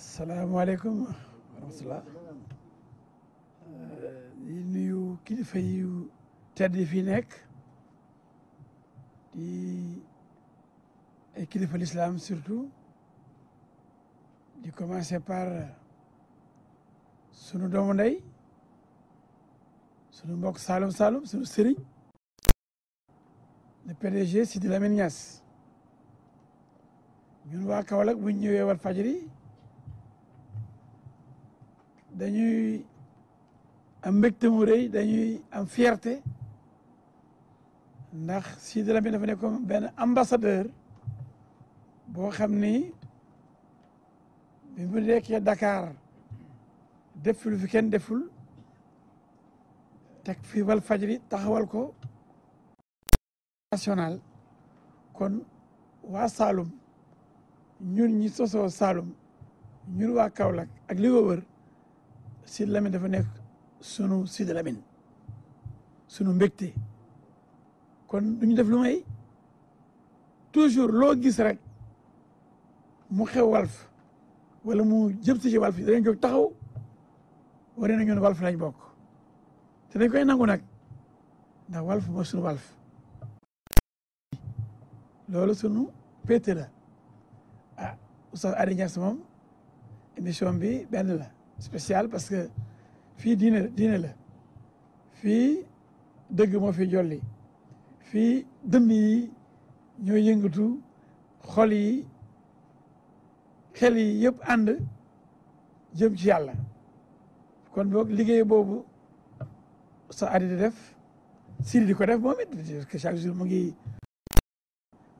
salaamaaleykum wa rahmatulah euh, di nuyu kilifa yu tedd fi nekk di ay kilifa lislaam surtout di commencer par sunu doomu ndey sunu mbokk Saloum Saloum sunu sëriñ le PDG Sidi Lamine Niass ñun waa Kaolack bu ñu ñëwee Walfadjri dañuy am mbégte mu rëy dañuy am fierte ndax Sidi Lamine dafa nekkoon benn ambassadeur boo xam ni bi mu nekkee Dakar def lu fi kenn deful teg fi wal fajri taxawal ko national kon waa Saalum ñun ñi sosoo Saalum ñun waa Kaolack ak li Sidi Lamine dafa nekk sunu Sidi sunu mbégte kon duñu def lu may toujours loo gis rek mu xew Walf wala mu jëm si ci Walf yi danañ jóg taxaw waree na ñun Walf lañ bokk te dañ koy nangu nag ndax Walf mooy sunu Walf loolu sunu pété la ah Oustaz Adi moom émission bi benn la spécial parce que fii diine diine la fii dëgg moo fi jolli fii dëmm yi ñoo yëngatu xol yi xel yi yëpp ànd jëm ci yàlla kon boog liggéey boobu sa adi def siri di ko def moom it parce que chaque jour mu ngi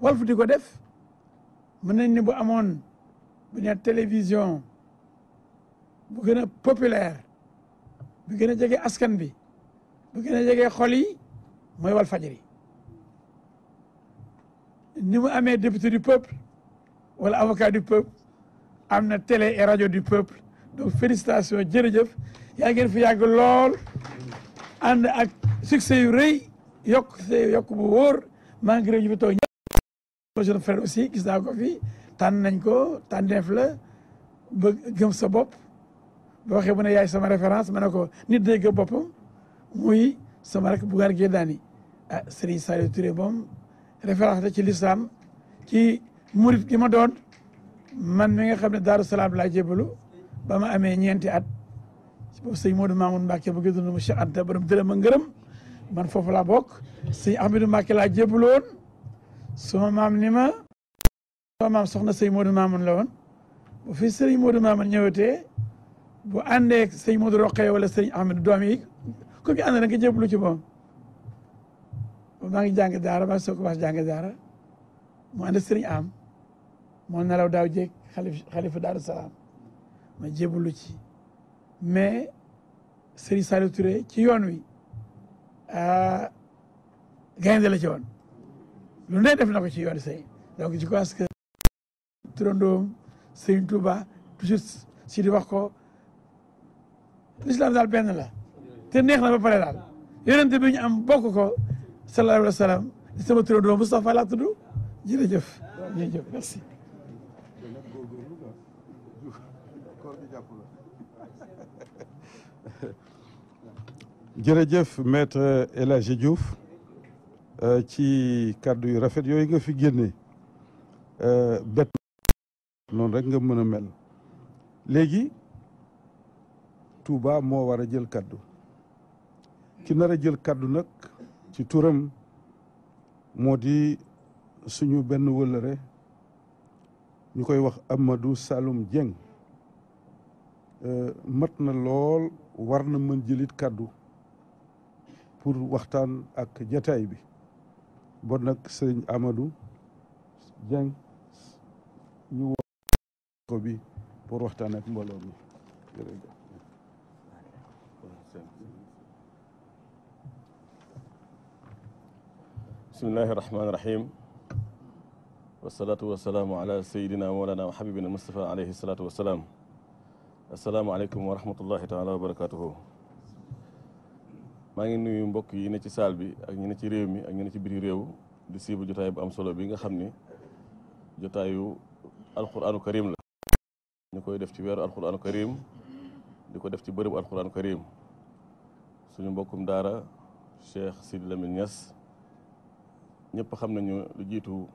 walfu di ko def mën nañ bu amoon bu ne télévision bu gën a populaire bu gën a jege askan bi bu gën a jege xol yi mooy wal fajri ni mu amee député du peuple wala avocat du peuple am na télé et rajo du peuple donc félicitations jërëjëf yaa ngeen fi yàgg lool ànd ak succès yu rëy yokk yokk bu wóor maa ngi gërëm ñu fi toog ñëpp jeune frère aussi gis naa ko fi tànn nañ ko tànneef la ba gëm sa bopp boo waxee bu ne yaay sama référence ma ne ko nit day gëm boppam muy sama rek Bougane Gueye Dany ah Serigne Saliou Touré moom référence la ci l'islam ci murit gi ma doon man mi nga xam ne Daaru Salaam laa jébbalu ba ma amee ñeenti at boobu sëñ Modou Mamoun Mbacke ba gëdundu mu Cheikh Anta borom dërëm a ngërëm man foofu la bokk sëñ Ahmadou Mbacke laa jébbalu woon sama maam ni ma sama maam soxna sëñ sëriñ Modou Mamoun ñëwetee bu àndee ak sëñ Modou wala sëñ Ahmed doom yi ku ci ànd na nga jébbalu ci moom ngi jàng daara maa ngi soog a wax jàng daara mu ànd sëriñ am moo nelaw daaw jéeg xalif xalifa Daaru Salaam ma jébbalu ci mais sëriñ Saliou Touré ci yoon wi ah, gaynde la ci woon lu ne def na ko ci yoon sëy donc je pense que turandoom sëriñ Touba toujours si di wax ko islam daal la te neex na ba pare daal yonente bi ñu bokk ko sallallahu alayhi wa sallam sama turandoo Moustapha laa tudd jërëjëf jërëjëf merci jërëjëf El Hadji Diouf euh, ci kàddu yu rafet yooyu nga fi génne euh, bet noonu rek nga mën a mel léegi Touba moo war a jël kaddu ki nar a jël kaddu nag ci turam moo di suñu benn wëllëre ñu koy wax Amadou Saloum Dieng euh, mat na lool war na mën jëlit kaddu pour waxtaan ak jataay bi bon nag sëñ amadu Dieng ñu ko bi pour waxtaan ak mbooloo mi bismillahi irrahmaani irrahim wasalaatu wasalaamu ala sayidina moolana wa xabibina moustapha alayhi salaatu wasalaam asalaamualeykum wa rahmatullahi taala wa barakatuhu maa ngi nuyu mbokk yi ne ci saal bi ak ñi ne ci réew mi ak ñi ne ci biir réew di siibu jotaay bu am solo bi nga xam ni jotaayu alquranu karim la ñu koy def ci weeru alquranu karim di ko def ci bërëbu alquranu karim suñu mbokkum daara Cheikh Sidi Lamine Niass ñëpp xam nañu lu jiitu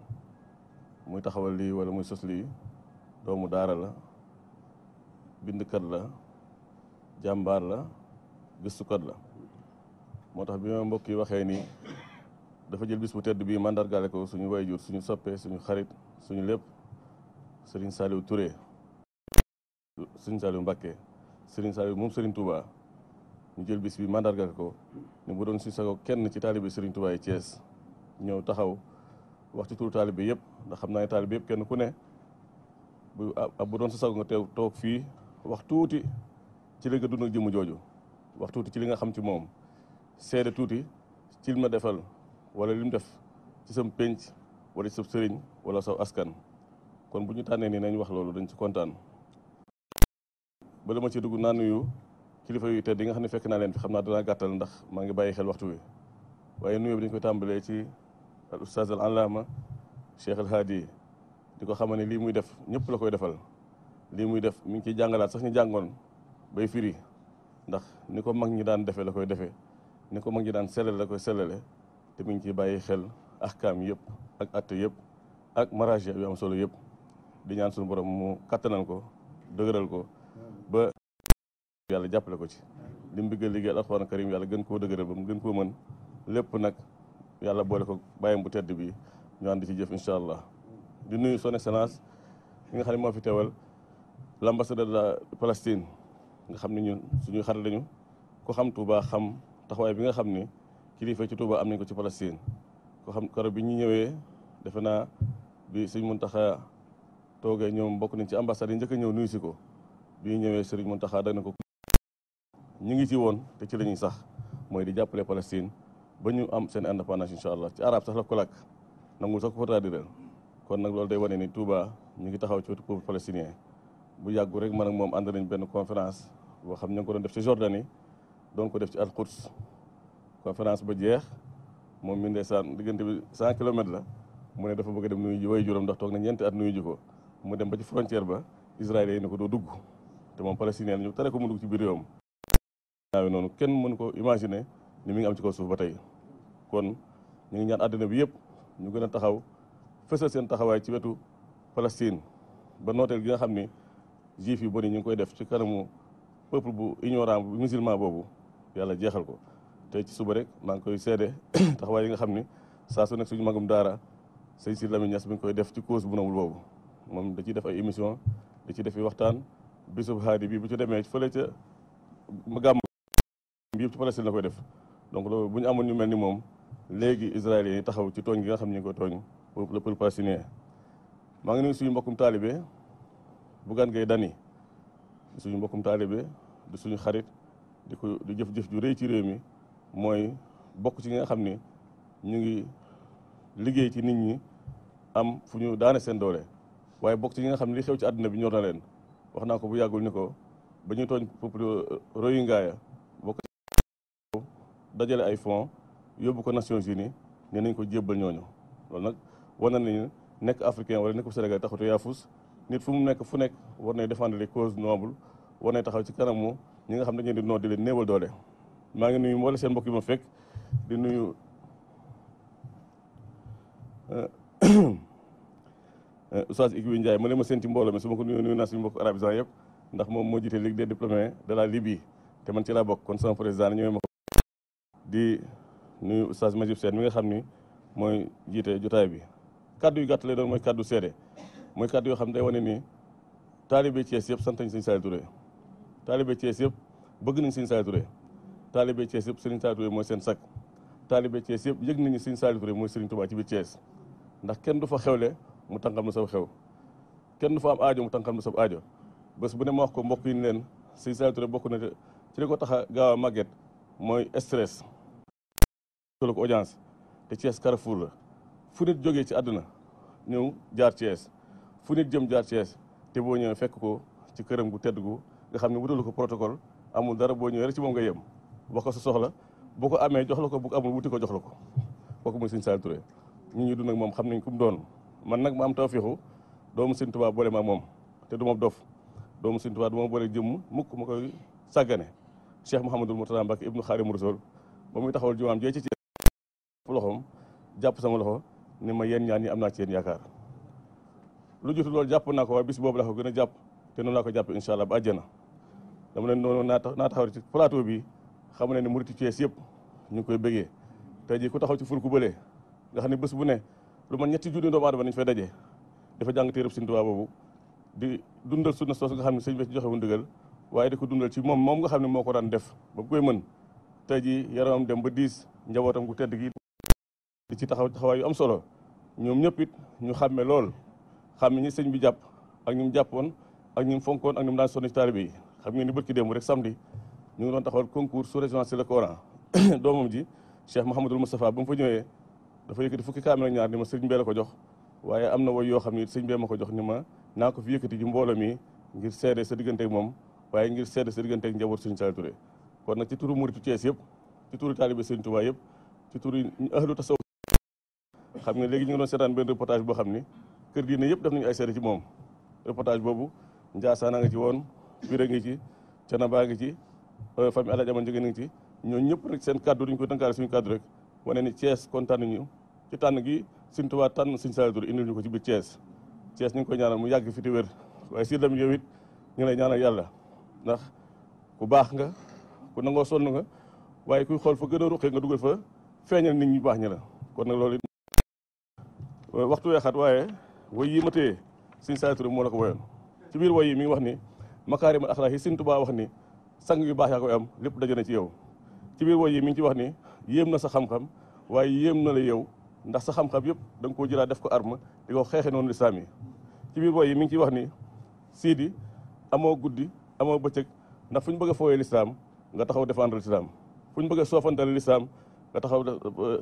muy taxawal lii wala muy sos lii doomu daara la bind bindkat la jàmbaar la gëstukat la moo tax bi ma mbokk yi waxee ni dafa jël bis bu tedd bii mandargaale ko suñu jur suñu soppee suñu xarit suñu lépp Serigne Saliou Touré Serigne Saliou Mbacké Serigne Saliou moom Serigne Touba ñu jël bis bi mandargaale ko ni bu doon si sago kenn ci taalibe Serigne Touba yi ñëw taxaw wax ci turu taalibe yëpp ndax xam naa ne taalibe yëpp kenn ku ne bu ah, bu doon sa sago nga teew toog fii wax tuuti ci li nga dund jooju wax tuuti ci li nga xam ci moom seede tuuti ci li ma defal wala li def ci sëm pénc wala ci sëriñ wala saw askan kon bu ñu tànnee nii nañu wax loolu dañ ci kontaan ba dama ci dugg naa nuyu kilifa yu tedd yi nga xam ne fekk naa leen fi xam naa danaa gàttal ndax maa ngi bàyyi xel waxtu wi waaye nuyu bi dañ koy tàmbalee ci al oustaz al allaama cheikh al di ko xamal ne lii muy def ñëpp la koy defal lii muy def mi ngi ciy jàngalaat sax ñu jàngoon bay firi ndax ni ko mag ñi daan defee la koy defee ni ko mag ñi daan sellale la koy sellale te mi ngi ciy bàyyi xel ahkaam yëpp ak atte yëpp ak marage bi am solo yëpp di ñaan suñu borom mu kattanal ko dëgëral ko ba yàlla jàppale ko ci li mu bëgg a liggéeyal karim yàlla gën koo dëgëral ba mu gën koo mën lépp nag yàlla boole ko bàyyam bu tedd bi ñu di ci jëf incha allah di nuyu son excellence ki nga xam ne moo fi teewal l' ambassadeur la Palestine nga xam ne ñun suñuy xarit lañu ko xam Touba xam taxawaay bi nga xam ni kilifa ci Touba am nañ ko ci Palestine ko xam koro bi ñu ñëwee defe naa bi sëñ Muntaxa toogee ñoom mbokk nañ ci ambassade yi njëkk ñëw nuyu si ko bi ñu ñëwee sëriñ Muntaxa dag na ko ñu ngi ci woon te ci la ñuy sax mooy di jàppale Palestine ba ñu am seen indépendance incha allah ci arab sax la ko làkk nangu sax ko kon nag loolu day wane ni Touba ñu ngi taxaw ci wetu peuple palestinien bu yàggu rek man ak moom ànd nañ benn conférence boo xam ñu ngi ko doon def ci Jordanie doon ko def ci Al-Quds conférence ba jeex moom mi ndeysaan diggante bi cent kilomètres la mu ne dafa bëgg dem nuyu ji way juróom ndax toog na ñeenti at nuyu ji ko mu dem ba ci frontière ba Israël yi ne ko doo dugg te moom palestinien ñu tere ko mu dugg ci biir réewam. noonu kenn mënu ko imaginer ni mi am ci kaw suuf ba tey kon ñu ngi ñaan àddina bi yëpp ñu gën a taxaw fësal seen taxawaay ci wetu Palestine ba nooteel gi nga xam ni juif yu bëri ñu ngi koy def ci kanamu peuple bu ignorant bu musulman boobu yàlla jeexal ko te ci suba rek maa ngi koy seede taxawaay yi nga xam ni saa su nekk suñu magum daara sëñ si Lamine Niass mi ngi koy def ci cause bu nawul boobu moom da ciy def ay émission da ciy def waxtaan bisub haadi bi bu ci demee fële ca gàmm bi yëpp la koy def donc loolu bu ñu amoon ñu mel ni moom léegi israéliens yi taxaw ci tooñ gi nga xam ne ñu ko tooñ le peuple palestinien maa ngi nuyu suñu mbokkum taalibe Bougane Gueye Dany suñu mbokkum taalibe du suñu xarit di ko di jëf-jëf ju rëy ci réew mi mooy bokk ci nga xam ni ñu ngi liggéey ci nit ñi am fu ñu daane seen doole waaye bokk ci nga xam ne li xew ci àdduna bi ñor na leen wax naa ko bu yàggul ni ko ba ñu tooñ peuple Rohingya bokk dajale ay fonds yóbbu ko Nations Unies ne nañ ko jébbal ñooñu loolu nag war na nekk africain wala nekk Sénégal taxut a yaafus nit fu mu nekk fu nekk war na nay défendre les causes nobles war nay taxaw ci kanamu ñi nga xam ne ñeen di noo di leen néewal doole. maa ngi nuyu mboole seen mbokk yi ma fekk di nuyu euh, Oustaz Igwi Ndiaye ma ne ma sénti mbooloo mi su ma ko nuyu nuyu naa suñu mbokk arabisant yëpp ndax moom moo jiite ligue des diplômés de la te ma di nuyu oustaz Majib Seen mi nga xam ni mooy jiite jotaay bi kaddu yu gàtt lay doon mooy kàddu seede mooy kaddu yoo xam ne day wane ni taalibe Thiès yëpp sant nañ Serigne Saliou Touré taalibe Thiès yëpp bëgg nañ Serigne Saliou Touré taalibe Thiès yëpp Serigne Saliou Touré mooy seen sakk taalibe Thiès yëpp yëg nañu Serigne Saliou Touré mooy Serigne Touba ci biir Thiès ndax kenn du fa xewle mu tànkam na sa xew kenn du fa am aajo mu tànkam na sa aajo bés bu ne mu wax ko mbokk yi leen Serigne Saliou bokk na ci li ko tax a gaaw a màgget mooy stress tolloog audience te Thiès Carrefour la fu nit jógee ci àdduna ñëw jaar Thiès fu nit jëm jaar Thiès te boo ñëwee fekk ko ci këram gu tedd gu nga xam ne wutalu ko protocole amul dara boo ñëwee rek ci moom nga yem wax ko soxla bu ko amee jox la ko bu ko amul wuti ko jox la ko kooku mooy Serigne Saliou Touré ñun ñu dund ak moom xam nañ ku mu doon man nag ma am tawféexu doomu Serigne Touba boole ma moom te du ma dof doomu Serigne Touba du ma boole jëmm mukk ma koy sàggane Cheikh Mouhamadul Mourtada Mbacke ibnu ba muy taxawal jumaam loxoom jàpp sama loxo ni ma yéen ñaan ñi am naa ci yéen yaakaar lu jotu loolu jàpp naa ko waaye bis boobu laa ko gën a jàpp te noonu laa ko jàpp incha allah ba na dama leen noonu naa naa taxaw ci plateau bi xam ne ne muriti Thiès yëpp ñu koy bëggee tey jii ku taxaw ci fulku bëlee nga xam ne bës bu ne lu ma ñetti junni doomu aadama nañu fay daje dafa jàng téereb Sëñ Tuubaa boobu di dundal sunna soos nga xam ne sëñ bi ci joxe wu ndigal waaye di ko dundal ci moom moom nga xam ne moo ko daan def ba bu koy mën tey jii yaramam dem ba diis njabootam gu tedd gi di ci taxaw taxawaay yu am solo ñoom ñëpp ñu xam xàmme lool xam ñi sëñ bi jàpp ak ñu mu jàppoon ak ñu mu fonkoon ak ñu mu daan sonn ci taalibe yi xam ngeen ni bërki démb rek samedi ñu ngi doon taxawal concours sous régional sur le Coran doomam ji Cheikh Mouhamadul Moustapha ba mu fa ñëwee dafa yëkkati fukki kaamil ak ñaar ni ma sëñ bee la ko jox waaye am na woy yoo xam ni sëñ bee ma ko jox ni ma naa ko fi yëkkati ji mbooloo mi ngir seede sa digganteeg moom waaye ngir seede sa digganteeg njaboot sëñ Saliou Touré kon nag ci turu murit Thiès yëpp ci turu taalibe sëñ Touba yëpp ci turu ahlu tasawuf xam nga léegi ñu ngi doon seetaan benn reportage boo xam ni kër gi ne yëpp def moom reportage boobu Ndiassane a nga ci woon Pire a ngi ci Thiénaba a ngi ci euh, famille Alaaji Aman Jóge a ngi ci ñooñu ñëpp rek seen kaddu duñ ko tënkaale suñu kaddu rek wane ni Thiès kontaan ñu ci tànn gi Sëñ Tuubaa tànn Sëñ Saliou Touré ko ci biir Thiès cees ñu ngi koy ñaanal mu yàgg fi te wér waaye si lam yow ñu lay ñaanal yàlla ndax ku baax nga ku nangoo sonn nga waaye kuy xool fa gën a ruqee nga dugal fa feeñal ni ñi baax ñi la kon nag loolu Euh, waxtu weexaat waaye woy yi ma téye Sëñ Saliou moo la ko woyoon ci biir woy yi mi ngi wax ni makaarimal axlaax yi Sëñ Tuubaa wax yu baax yaa koy lépp daje na ci yow ci biir woy yi mi ngi ci wax ni yéem na sa xam-xam waaye yéem na la yow ndax sa xam yëpp da koo jëlaat def ko arme di ko xeexe noonu lislaam yi ci biir woy yi mi ngi ciy wax ni siidi amoo guddi amoo bëccëg ndax fu ñu bëgg a fooyee lislaam nga taxaw défendre lislaam fu ñu bëgg a soofantale lislaam nga taxaw euh,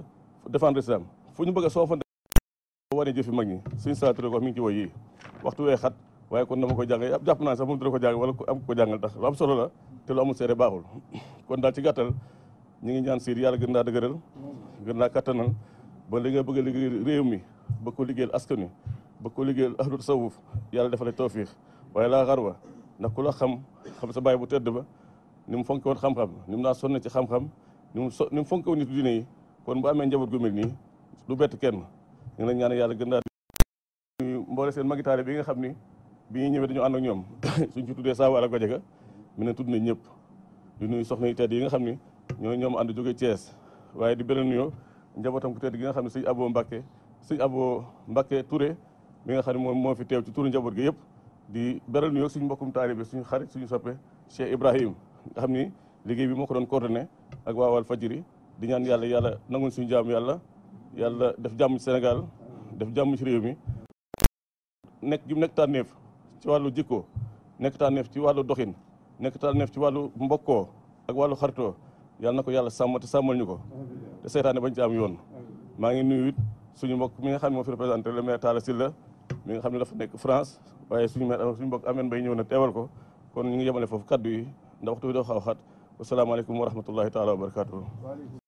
défendre lislaam fu ñu bëgg a soofantale wane jëfi mag ñi suñu saa turé kon dama ko jàng jàpp naa sax moom dina ko jàng wala am ko jàngal tax lu am ngi ñaan siir yàlla gën naa dëgëral gën naa kattanal ba li nga bëgg a liggéey réew mi ba ko liggéeyal askan wi ba ko liggéeyal ahlu tasawuf yàlla defal la tawfiix waaye laa xarwa ndax ku la xam xam bu tedd ba ni mu fonke woon xam-xam ni mu naa sonne ci xam-xam ni mu so ni mu fonke woon nitu diine yi kon bu amee njaboot gu mel nii du bett kenn ñu yàlla gën daal mboole seen magitaare bi nga xam ni bi ñuy ñëwee dañu ànd ak ñoom suñ ci tuddee saabu ala ko jega mi ne tudd nañ ñëpp di nuyu soxna yi tedd yi nga xam ni ñoo ñoom ànd jóge Thiès waaye di beneen nuyoo njabootam ku tedd gi nga xam ne sëñ Abo Mbacke sëñ Abo Mbacke Touré mi nga xam ne moom moo fi teew ci turu njaboot gi yëpp di beral nuyoo suñu mbokkum taalibe suñu xarit suñu soppe Cheikh Ibrahim nga xam ni liggéey bi moo ko doon coordonné ak waa Walfadjri di ñaan yàlla yàlla nanguñ suñu jaam yàlla yàlla def jàmm ci Sénégal def jàmm ci réew mi nekk gi mu nekk tànneef ci wàllu jikko nekk tànneef ci wàllu doxin nekk taal tànneef ci wàllu mbokkoo ak wàllu xaritoo yàlla na ko yàlla sàmm te sàmmal ñu ko te seytaane bañ ci yoon maa ngi nuyu it suñu mbokk mi nga xam ne moo fi représenté le maire Talla Sylla mi nga xam ne dafa nekk France waaye suñu maire suñu mbokk Amène Mbaye ñëw na teewal ko kon ñu ngi yemale foofu kaddu yi ndax waxtu bi doo xaw xat wasalaamaaleykum wa rahmatullahi taala wa barakatuh